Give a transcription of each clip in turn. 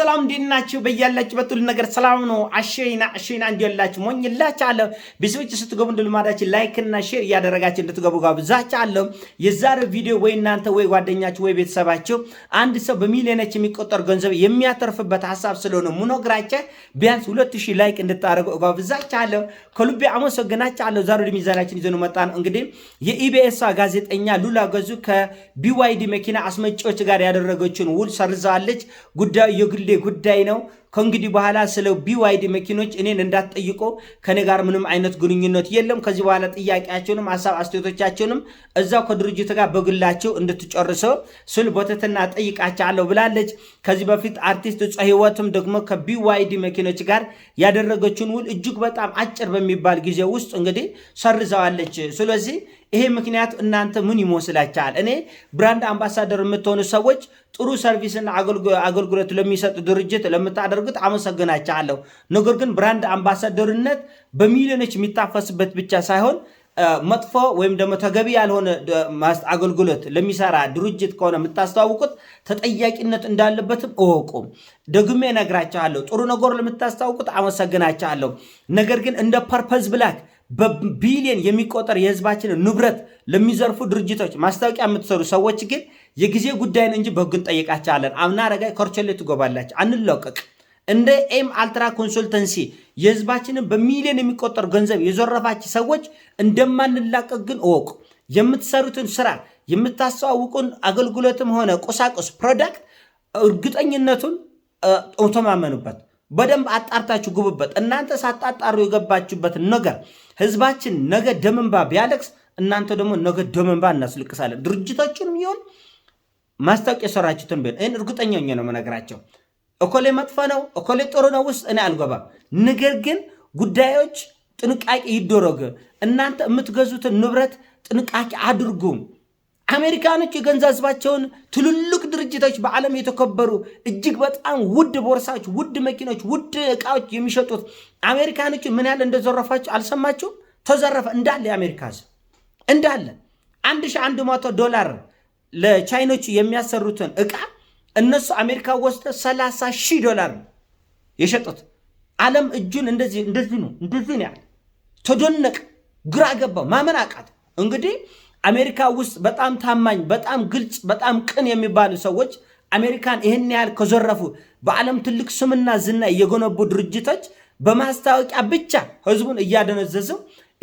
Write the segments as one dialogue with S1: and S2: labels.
S1: ሰላም እንዴት ናችሁ? በያላችሁ በጥል ነገር ሰላም ነው። አሸይና አሸይና እንዲላችሁ ሞኝላችሁ አለ ቤተሰቦች ስትገቡ እንደልማዳችሁ ላይክ እና ሼር እያደረጋችሁ እንድትገቡ ጋብዛችሁ አለ። የዛሬው ቪዲዮ ወይ እናንተ ወይ ጓደኛችሁ ወይ ቤተሰባችሁ አንድ ሰው በሚሊዮኖች የሚቆጠር ገንዘብ የሚያተርፍበት ሀሳብ ስለሆነ ሙኖግራችሁ ቢያንስ 2000 ላይክ እንድታደርጉ ጋብዛችሁ አለ። ከልቤ አመሰግናችሁ አለ። ዛሬ ወደ ሚዛናችን ይዘን መጣን። እንግዲህ የኢቢኤስ ጋዜጠኛ ሉላ ገዙ ከቢዋይዲ መኪና አስመጪዎች ጋር ያደረገችውን ውል ሰርዛለች። ጉዳዩ የግል የግሌ ጉዳይ ነው። ከእንግዲህ በኋላ ስለ ቢዋይዲ መኪኖች እኔን እንዳትጠይቆ ከኔ ጋር ምንም አይነት ግንኙነት የለም። ከዚህ በኋላ ጥያቄያቸውንም ሀሳብ አስተያየቶቻቸውንም እዛው ከድርጅት ጋር በግላቸው እንድትጨርሰው ስል ቦተትና ጠይቃቸዋለሁ ብላለች። ከዚህ በፊት አርቲስት እፀ ደግሞ ከቢዋይዲ መኪኖች ጋር ያደረገችውን ውል እጅግ በጣም አጭር በሚባል ጊዜ ውስጥ እንግዲህ ሰርዘዋለች። ስለዚህ ይሄ ምክንያት እናንተ ምን ይመስላችኋል? እኔ ብራንድ አምባሳደር የምትሆኑ ሰዎች ጥሩ ሰርቪስና አገልግሎት ለሚሰጥ ድርጅት ለምታደር ስለምታደርጉት አመሰግናችኋለሁ። ነገር ግን ብራንድ አምባሳደርነት በሚሊዮኖች የሚታፈስበት ብቻ ሳይሆን መጥፎ ወይም ደግሞ ተገቢ ያልሆነ አገልግሎት ለሚሰራ ድርጅት ከሆነ የምታስተዋውቁት ተጠያቂነት እንዳለበትም እወቁ። ደግሜ እነግራችኋለሁ። ጥሩ ነገር ለምታስተዋውቁት አመሰግናችኋለሁ። ነገር ግን እንደ ፐርፐዝ ብላክ በቢሊየን የሚቆጠር የህዝባችን ንብረት ለሚዘርፉ ድርጅቶች ማስታወቂያ የምትሰሩ ሰዎች ግን የጊዜ ጉዳይን እንጂ በሕጉን ጠይቃችኋለን። አምና ረጋይ ኮርቸሌ ትጎባላችሁ። አንለቀቅ እንደ ኤም አልትራ ኮንሱልተንሲ የህዝባችንን በሚሊዮን የሚቆጠሩ ገንዘብ የዘረፋች ሰዎች እንደማንላቀቅ ግን እወቁ። የምትሰሩትን ስራ የምታስተዋውቁን አገልግሎትም ሆነ ቁሳቁስ ፕሮዳክት እርግጠኝነቱን ተማመኑበት። በደንብ አጣርታችሁ ግቡበት። እናንተ ሳጣጣሩ የገባችሁበትን ነገር ህዝባችን ነገ ደመንባ ቢያለቅስ እናንተ ደግሞ ነገ ደመንባ እናስልቅሳለን። ድርጅቶችንም ይሁን ማስታወቂያ የሰራችሁትን ቢሆን ይህን እርግጠኛ ነው መነገራቸው። እኮሌ መጥፎ ነው፣ እኮሌ ጥሩ ነው ውስጥ እኔ አልገባም። ነገር ግን ጉዳዮች ጥንቃቄ ይደረግ። እናንተ የምትገዙትን ንብረት ጥንቃቄ አድርጉም። አሜሪካኖች የገንዘብ ህዝባቸውን ትልልቅ ድርጅቶች በዓለም የተከበሩ እጅግ በጣም ውድ ቦርሳዎች፣ ውድ መኪኖች፣ ውድ እቃዎች የሚሸጡት አሜሪካኖች ምን ያህል እንደዘረፋቸው አልሰማችሁም? ተዘረፈ እንዳለ የአሜሪካ ህዝብ እንዳለ አንድ ሺህ አንድ መቶ ዶላር ለቻይኖቹ የሚያሰሩትን እቃ እነሱ አሜሪካ ወስደ 30 ሺህ ዶላር የሸጡት ዓለም እጁን እንደዚህ እንደዚህ ነው እንደዚህ ነው ያለ ተደነቅ። ግራ ገባው፣ ማመን አቃት። እንግዲህ አሜሪካ ውስጥ በጣም ታማኝ፣ በጣም ግልጽ፣ በጣም ቅን የሚባሉ ሰዎች አሜሪካን ይህን ያህል ከዘረፉ በዓለም ትልቅ ስምና ዝና የገነቡ ድርጅቶች በማስታወቂያ ብቻ ህዝቡን እያደነዘዙ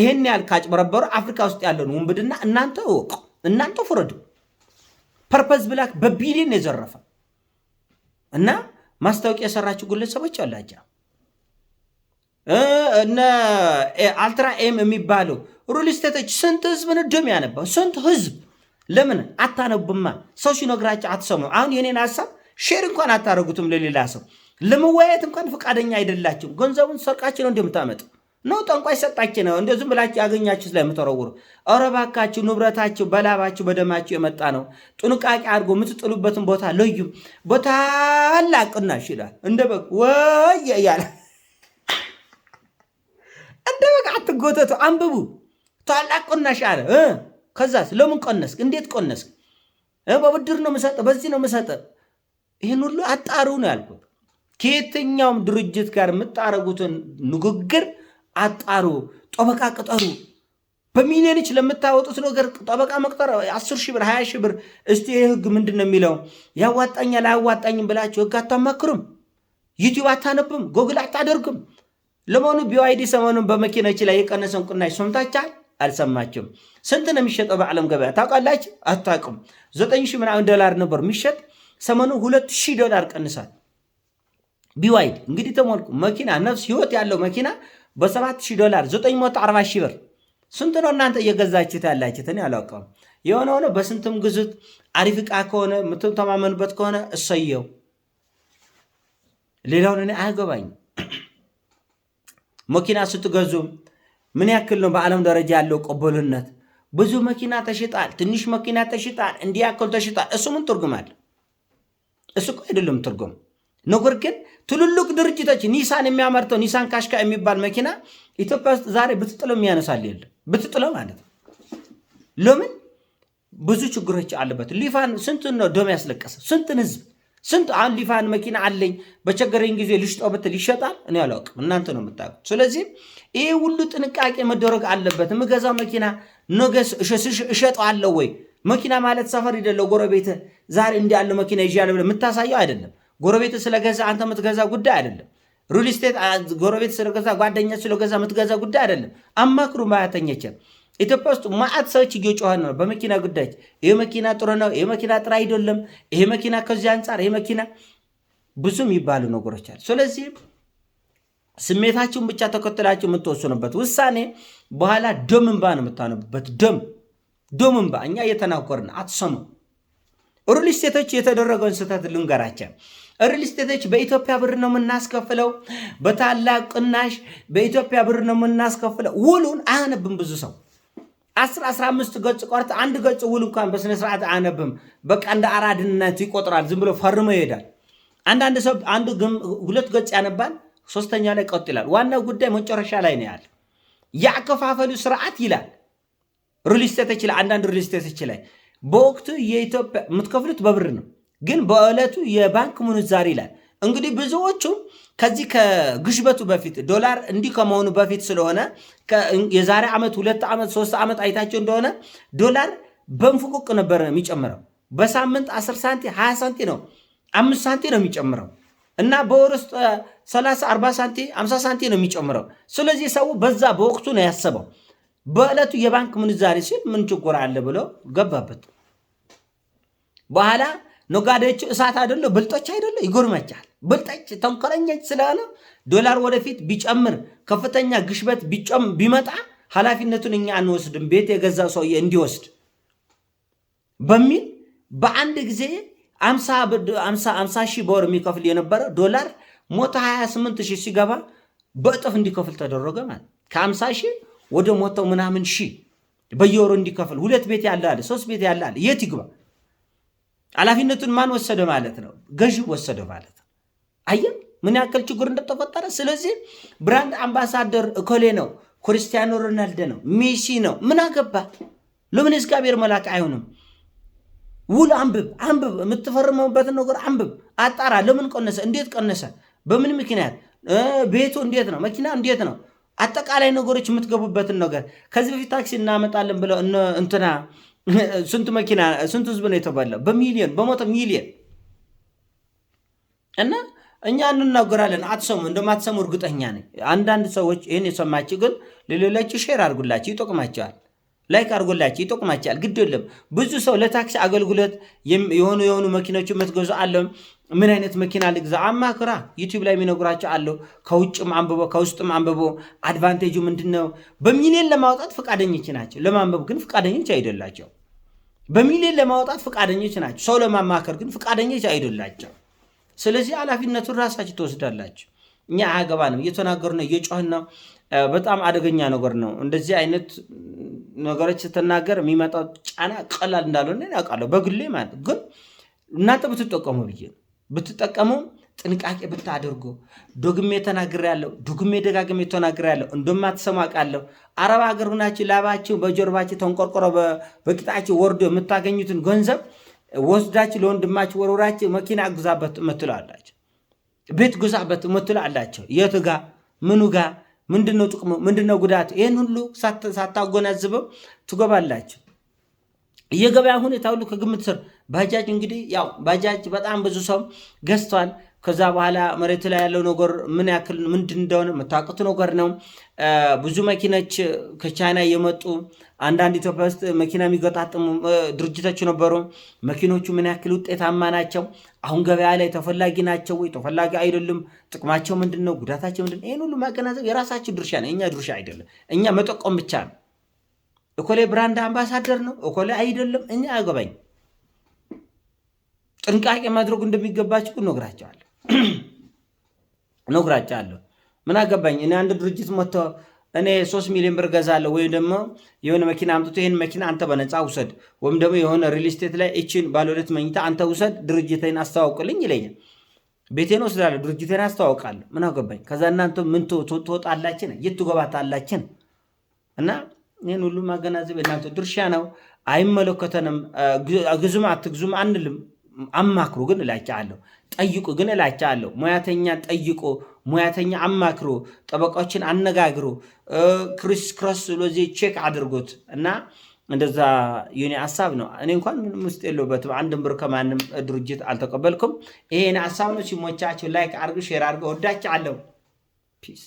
S1: ይህን ያህል ካጭበረበሩ አፍሪካ ውስጥ ያለውን ውንብድና እናንተ እወቁ፣ እናንተ ፍረዱ። ፐርፐዝ ብላክ በቢሊዮን የዘረፈ እና ማስታወቂያ የሰራችሁ ግለሰቦች አላቸው። እነ አልትራ ኤም የሚባለው ሩልስቴቶች ስቴቶች ስንት ህዝብ ንድም ያነባ ስንት ህዝብ ለምን አታነቡማ? ሰው ሲነግራቸው አትሰሙ። አሁን የኔን ሀሳብ ሼር እንኳን አታደርጉትም ለሌላ ሰው ለመወያየት እንኳን ፈቃደኛ አይደላችሁም። ገንዘቡን ሰርቃችሁ ነው እንደምታመጡ ነው ጠንቋይ ሰጣች ነው እንደ ዝም ብላችሁ ያገኛችሁ ስለምትወረውሩ። ኧረ እባካችሁ ንብረታችሁ በላባችሁ በደማችሁ የመጣ ነው። ጥንቃቄ አድርጎ የምትጥሉበትን ቦታ ለዩ። በታላቅ ቅናሽ ይላል እንደ በግ ወይ እያለ እንደ በግ አትጎተቱ። አንብቡ። ታላቅ ቅናሽ አለ። ከዛስ ለምን ቀነስክ? እንዴት ቀነስክ? በብድር ነው የምሰጠ፣ በዚህ ነው የምሰጠ። ይህን ሁሉ አጣሩ ነው ያልኩት። ከየትኛውም ድርጅት ጋር የምታረጉትን ንግግር አጣሩ፣ ጠበቃ ቅጠሩ። በሚሊዮኖች ለምታወጡት ነገር ጠበቃ መቅጠር አስር ሺህ ብር ሀያ ሺህ ብር። እስቲ ይህ ህግ ምንድን ነው የሚለው? ያዋጣኛል አያዋጣኝም ብላችሁ ህግ አታማክሩም። ዩቲዩብ አታነብም፣ ጎግል አታደርግም። ለመሆኑ ቢዋይዲ ሰሞኑን በመኪናች ላይ የቀነሰን ቅናሽ ሰምታችኋል? አልሰማችሁም? ስንት ነው የሚሸጠው በዓለም ገበያ ታውቃላችሁ? አታውቅም። ዘጠኝ ሺህ ምናምን ዶላር ነበር የሚሸጥ ሰሞኑ ሁለት ሺህ ዶላር ቀንሳል። ቢዋይዲ እንግዲህ ተሞልኩ መኪና ነፍስ ህይወት ያለው መኪና በ7000 ዶላር 940 ሺህ ብር ስንት ነው እናንተ እየገዛችሁት ያላችሁት? እኔ አላውቀውም። የሆነ ሆነ በስንትም ግዙት። አሪፍ እቃ ከሆነ የምትተማመኑበት ከሆነ እሰየው። ሌላውን እኔ አያገባኝም። መኪና ስትገዙ ምን ያክል ነው በዓለም ደረጃ ያለው ቅቡልነት? ብዙ መኪና ተሽጣል፣ ትንሽ መኪና ተሽጣል፣ እንዲህ ተሽጣል። እሱ ምን ትርጉም አለ? እሱ አይደለም ትርጉም ነገር ግን ትልልቅ ድርጅቶች ኒሳን የሚያመርተው ኒሳን ካሽካ የሚባል መኪና ኢትዮጵያ ውስጥ ዛሬ ብትጥለው የሚያነሳል የለም። ብትጥለው ማለት ነው። ለምን ብዙ ችግሮች አለበት። ሊፋን ስንት ነው ደም ያስለቀሰ ስንትን ህዝብ ስንት አሁን ሊፋን መኪና አለኝ በቸገረኝ ጊዜ ልሽጠው ብትል ይሸጣል? እኔ አላውቅም፣ እናንተ ነው የምታውቁት። ስለዚህ ይህ ሁሉ ጥንቃቄ መደረግ አለበት። የምገዛው መኪና ነገስ እሸጠዋለሁ ወይ? መኪና ማለት ሰፈር ይደለው ጎረቤት ዛሬ እንዲህ ያለው መኪና ይዣለሁ ብለህ የምታሳየው አይደለም። ጎረቤት ስለገዛ አንተ የምትገዛ ጉዳይ አይደለም። ሪል ስቴት ጎረቤት ስለገዛ ጓደኛ ስለገዛ የምትገዛ ጉዳይ አይደለም። አማክሩ ማያተኘችን ኢትዮጵያ ውስጥ ማአት ሰዎች እየጮኸ ነው በመኪና ጉዳይ። ይሄ መኪና ጥሩ ነው፣ ይሄ መኪና ጥሩ አይደለም፣ ይሄ መኪና ከዚህ አንጻር፣ ይሄ መኪና ብዙም ይባሉ ነገሮች አሉ። ስለዚህ ስሜታችሁን ብቻ ተከትላችሁ የምትወስኑበት ውሳኔ በኋላ ደም እንባ ነው የምታነቡበት። ደም ደም እንባ እኛ እየተናኮርን አትሰሙ። ሪል ስቴቶች የተደረገውን ስህተት ልንገራቸው። ሪል ስቴቶች በኢትዮጵያ ብር ነው የምናስከፍለው፣ በታላቅ ቅናሽ በኢትዮጵያ ብር ነው የምናስከፍለው። ውሉን አያነብም ብዙ ሰው አስር አስራ አምስት ገጽ ቆርጥ አንድ ገጽ ውል እንኳን በስነስርዓት አያነብም። በቃ እንደ አራድነቱ ይቆጥራል። ዝም ብሎ ፈርሞ ይሄዳል። አንዳንድ ሰው አንድ ሁለት ገጽ ያነባል፣ ሶስተኛ ላይ ቀጥ ይላል። ዋናው ጉዳይ መጨረሻ ላይ ነው ያለ የአከፋፈሉ ስርዓት ይላል። ሪል ስቴቶች ላይ አንዳንድ ሪል ስቴቶች ላይ በወቅቱ የኢትዮጵያ የምትከፍሉት በብር ነው ግን በዕለቱ የባንክ ምንዛሪ ይላል። እንግዲህ ብዙዎቹ ከዚህ ከግሽበቱ በፊት ዶላር እንዲህ ከመሆኑ በፊት ስለሆነ የዛሬ ዓመት ሁለት ዓመት ሶስት ዓመት አይታቸው እንደሆነ ዶላር በንፉቁቅ ነበር የሚጨምረው። በሳምንት 10 ሳንቲ 20 ሳንቲ ነው፣ አምስት ሳንቲ ነው የሚጨምረው እና በወር ውስጥ 30 40 ሳንቲ 50 ሳንቲ ነው የሚጨምረው። ስለዚህ ሰው በዛ በወቅቱ ነው ያሰበው። በዕለቱ የባንክ ምንዛሬ ሲል ምን ችግር አለ ብሎ ገባበት በኋላ ነጋዴዎቹ እሳት አይደለ ብልጦች አይደለ ይጎርመቻል። ብልጦች ተንኮለኞች ስለሆነ ዶላር ወደፊት ቢጨምር ከፍተኛ ግሽበት ቢመጣ ኃላፊነቱን እኛ አንወስድም፣ ቤት የገዛ ሰውዬ እንዲወስድ በሚል በአንድ ጊዜ አምሳ ሺህ በወር የሚከፍል የነበረ ዶላር ሞቶ 28 ሺህ ሲገባ በእጥፍ እንዲከፍል ተደረገ። ማለት ከአምሳ ሺህ ወደ ሞቶ ምናምን ሺህ በየወሩ እንዲከፍል ሁለት ቤት ያለ አለ ሶስት ቤት ያለ አለ የት ይግባ? ኃላፊነቱን ማን ወሰደ ማለት ነው? ገዢ ወሰደ ማለት ነው። አየ ምን ያክል ችግር እንደተፈጠረ። ስለዚህ ብራንድ አምባሳደር እኮሌ ነው፣ ክርስቲያኖ ሮናልዶ ነው፣ ሜሲ ነው፣ ምን አገባ? ለምን እግዚአብሔር መልአክ አይሆንም? ውል አንብብ አንብብ፣ የምትፈርመበት ነገር አንብብ፣ አጣራ። ለምን ቀነሰ? እንዴት ቀነሰ? በምን ምክንያት? ቤቱ እንዴት ነው? መኪና እንዴት ነው? አጠቃላይ ነገሮች የምትገቡበትን ነገር ከዚህ በፊት ታክሲ እናመጣለን ብለው እንትና ስንት መኪና ስንት ህዝብ ነው የተባለው? በሚሊዮን በመቶ ሚሊዮን እና እኛ እንናገራለን፣ አትሰሙ። እንደማትሰሙ እርግጠኛ ነኝ። አንዳንድ ሰዎች ይህን የሰማችሁ ግን ለሌላችሁ ሼር አድርጉላችሁ፣ ይጠቅማቸዋል። ላይክ አድርጉላችሁ፣ ይጠቅማቸዋል። ግድ የለም ብዙ ሰው ለታክሲ አገልግሎት የሆኑ የሆኑ መኪኖች የምትገዙ አለም ምን አይነት መኪና ልግዛ አማክራ ዩቲዩብ ላይ የሚነግራቸው አለው። ከውጭም አንብቦ ከውስጥም አንብቦ አድቫንቴጁ ምንድን ነው? በሚሊዮን ለማውጣት ፈቃደኞች ናቸው፣ ለማንበብ ግን ፈቃደኞች አይደላቸው። በሚሊዮን ለማውጣት ፈቃደኞች ናቸው፣ ሰው ለማማከር ግን ፈቃደኞች አይደላቸው። ስለዚህ ኃላፊነቱን ራሳችሁ ትወስዳላችሁ። እኛ አያገባንም፣ እየተናገሩ ነው፣ እየጮህን ነው። በጣም አደገኛ ነገር ነው። እንደዚህ አይነት ነገሮች ስትናገር የሚመጣው ጫና ቀላል እንዳልሆነ ያውቃለሁ፣ በግሌ ማለት ግን እናንተ ብትጠቀሙ ብዬ ብትጠቀሙ ጥንቃቄ ብታደርጉ። ደግሜ ያለው ዶግሜ ደጋግሜ ያለው እንደማትሰሙ አውቃለሁ። አረብ ሀገር ሁናችሁ ላባችሁ በጀርባችሁ ተንቆርቆሮ በቂጣችሁ ወርዶ የምታገኙትን ገንዘብ ወስዳችሁ ለወንድማችሁ ወርውራችሁ መኪና ጉዛበት ምትሉ አላቸው፣ ቤት ጉዛበት ምትሉ አላቸው። የቱ ጋ ምኑ ጋ ምንድነው ጥቅሙ? ምንድነው ጉዳቱ? ይህን ሁሉ ሳታጎናዝበው ትገባላችሁ። የገበያ ሁኔታ ሁሉ ከግምት ስር ባጃጅ እንግዲህ ያው ባጃጅ በጣም ብዙ ሰው ገዝቷል። ከዛ በኋላ መሬቱ ላይ ያለው ነገር ምን ያክል ምንድን እንደሆነ የምታውቁት ነገር ነው። ብዙ መኪኖች ከቻይና የመጡ አንዳንድ ኢትዮጵያ ውስጥ መኪና የሚገጣጥሙ ድርጅቶች ነበሩ። መኪኖቹ ምን ያክል ውጤታማ ናቸው? አሁን ገበያ ላይ ተፈላጊ ናቸው ወይ ተፈላጊ አይደሉም? ጥቅማቸው ምንድን ነው? ጉዳታቸው ምንድን ነው? ይህን ሁሉ ማገናዘብ የራሳችን ድርሻ ነው። እኛ ድርሻ አይደለም። እኛ መጠቆም ብቻ ነው። እኮሌ ብራንድ አምባሳደር ነው፣ እኮሌ አይደለም። እኛ አይገባኝ ጥንቃቄ ማድረጉ እንደሚገባችሁ እነግራቸዋለሁ እነግራቸዋለሁ። ምን አገባኝ እኔ አንድ ድርጅት መጥቶ እኔ ሶስት ሚሊዮን ብር ገዛለሁ ወይም ደግሞ የሆነ መኪና አምጥቶ ይህን መኪና አንተ በነፃ ውሰድ ወይም ደግሞ የሆነ ሪል ስቴት ላይ እችን ባለሁለት መኝታ አንተ ውሰድ፣ ድርጅቴን አስተዋውቅልኝ ይለኛል። ቤቴን ወስዳለሁ፣ ድርጅቴን አስተዋውቃለሁ። ምን አገባኝ። ከዛ እናንተ ምን ትወጣላችን፣ የት ትገባታላችን? እና ይህን ሁሉ ማገናዘብ እናንተ ድርሻ ነው፣ አይመለከተንም። ግዙም አትግዙም አንልም። አማክሮ ግን እላችኋለሁ፣ ጠይቁ ግን እላችኋለሁ። ሙያተኛ ጠይቆ ሙያተኛ አማክሮ ጠበቃዎችን አነጋግሮ ክሪስ ክሮስ ብሎዚ ቼክ አድርጎት እና እንደዛ የኔ ሀሳብ ነው። እኔ እንኳን ምንም ውስጥ የለሁበትም። አንድም ብር ከማንም ድርጅት አልተቀበልኩም። ይሄን ሀሳብ ነው። ሲሞቻቸው ላይክ አድርጉ፣ ሼር አድርገ። አለው ፒስ